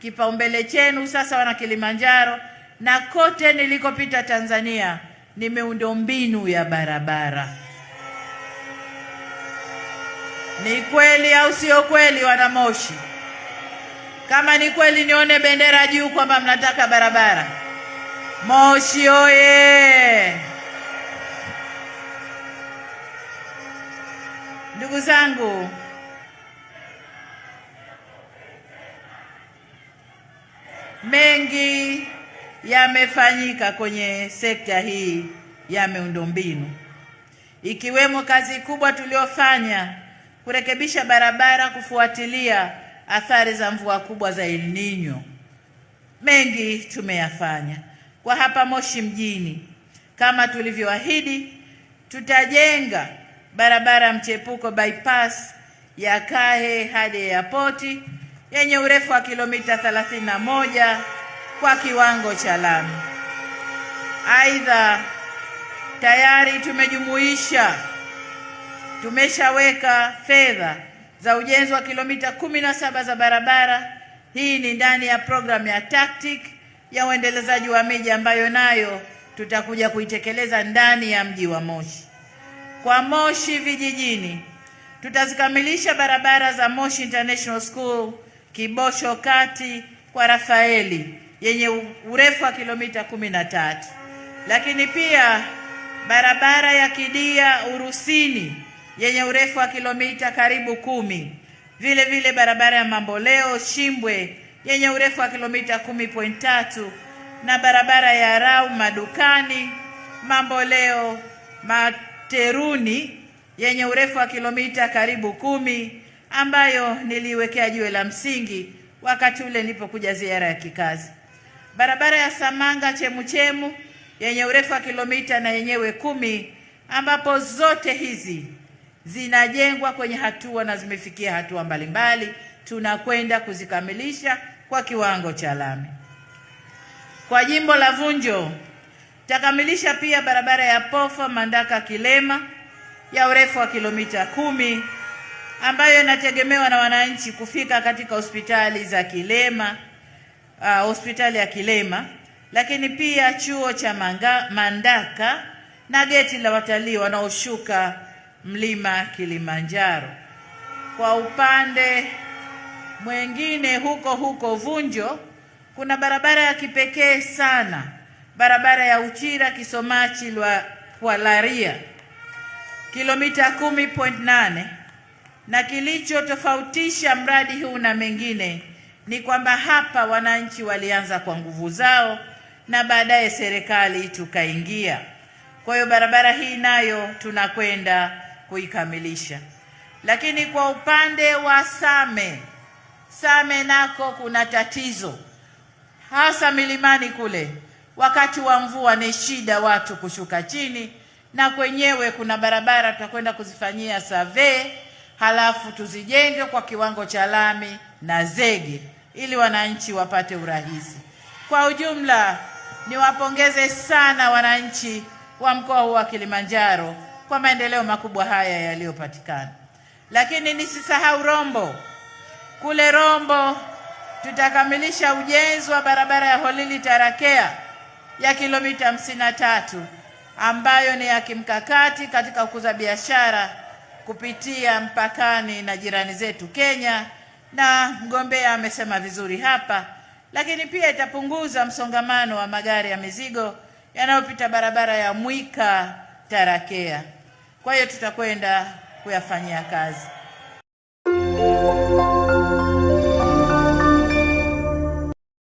Kipaumbele chenu sasa, wana Kilimanjaro na kote nilikopita Tanzania, ni miundombinu ya barabara. Ni kweli au sio kweli, wana Moshi? Kama ni kweli, nione bendera juu kwamba mnataka barabara. Moshi oye! Ndugu zangu mengi yamefanyika kwenye sekta hii ya miundombinu ikiwemo kazi kubwa tuliyofanya kurekebisha barabara kufuatilia athari za mvua kubwa za El Nino. Mengi tumeyafanya kwa hapa Moshi mjini, kama tulivyoahidi, tutajenga barabara mchepuko bypass ya Kahe hadi airport yenye urefu wa kilomita 31 kwa kiwango cha lami. Aidha, tayari tumejumuisha tumeshaweka fedha za ujenzi wa kilomita 17 za barabara. Hii ni ndani ya programu ya TACTIC ya uendelezaji wa miji ambayo nayo tutakuja kuitekeleza ndani ya mji wa Moshi. Kwa Moshi vijijini tutazikamilisha barabara za Moshi International School Kibosho Kati kwa Rafaeli yenye urefu wa kilomita kumi na tatu, lakini pia barabara ya Kidia Urusini yenye urefu wa kilomita karibu kumi, vile vile barabara ya Mamboleo Shimbwe yenye urefu wa kilomita kumi point tatu na barabara ya Rau Madukani Mamboleo Materuni yenye urefu wa kilomita karibu kumi ambayo niliwekea jiwe la msingi wakati ule nilipokuja ziara ya kikazi. Barabara ya Samanga Chemuchemu yenye urefu wa kilomita na yenyewe kumi, ambapo zote hizi zinajengwa kwenye hatua na zimefikia hatua mbalimbali, tunakwenda kuzikamilisha kwa kiwango cha lami. Kwa jimbo la Vunjo takamilisha pia barabara ya Pofa Mandaka Kilema ya urefu wa kilomita kumi ambayo inategemewa na wananchi kufika katika hospitali za Kilema, uh, hospitali ya Kilema, lakini pia chuo cha Manga, Mandaka na geti la watalii wanaoshuka mlima Kilimanjaro. Kwa upande mwingine, huko huko Vunjo kuna barabara ya kipekee sana, barabara ya Uchira Kisomachi kwa laria kilomita 10.8 na kilichotofautisha mradi huu na mengine ni kwamba hapa wananchi walianza kwa nguvu zao na baadaye serikali tukaingia. Kwa hiyo barabara hii nayo tunakwenda kuikamilisha. Lakini kwa upande wa Same, Same nako kuna tatizo, hasa milimani kule. Wakati wa mvua ni shida watu kushuka chini, na kwenyewe kuna barabara tutakwenda kuzifanyia survey halafu tuzijenge kwa kiwango cha lami na zege ili wananchi wapate urahisi. Kwa ujumla, niwapongeze sana wananchi wa mkoa huu wa Kilimanjaro kwa maendeleo makubwa haya yaliyopatikana. Lakini nisisahau Rombo. Kule Rombo tutakamilisha ujenzi wa barabara ya Holili Tarakea ya kilomita hamsini na tatu ambayo ni ya kimkakati katika kukuza biashara kupitia mpakani na jirani zetu Kenya, na mgombea amesema vizuri hapa, lakini pia itapunguza msongamano wa magari ya mizigo yanayopita barabara ya Mwika Tarakea. Kwa hiyo tutakwenda kuyafanyia kazi.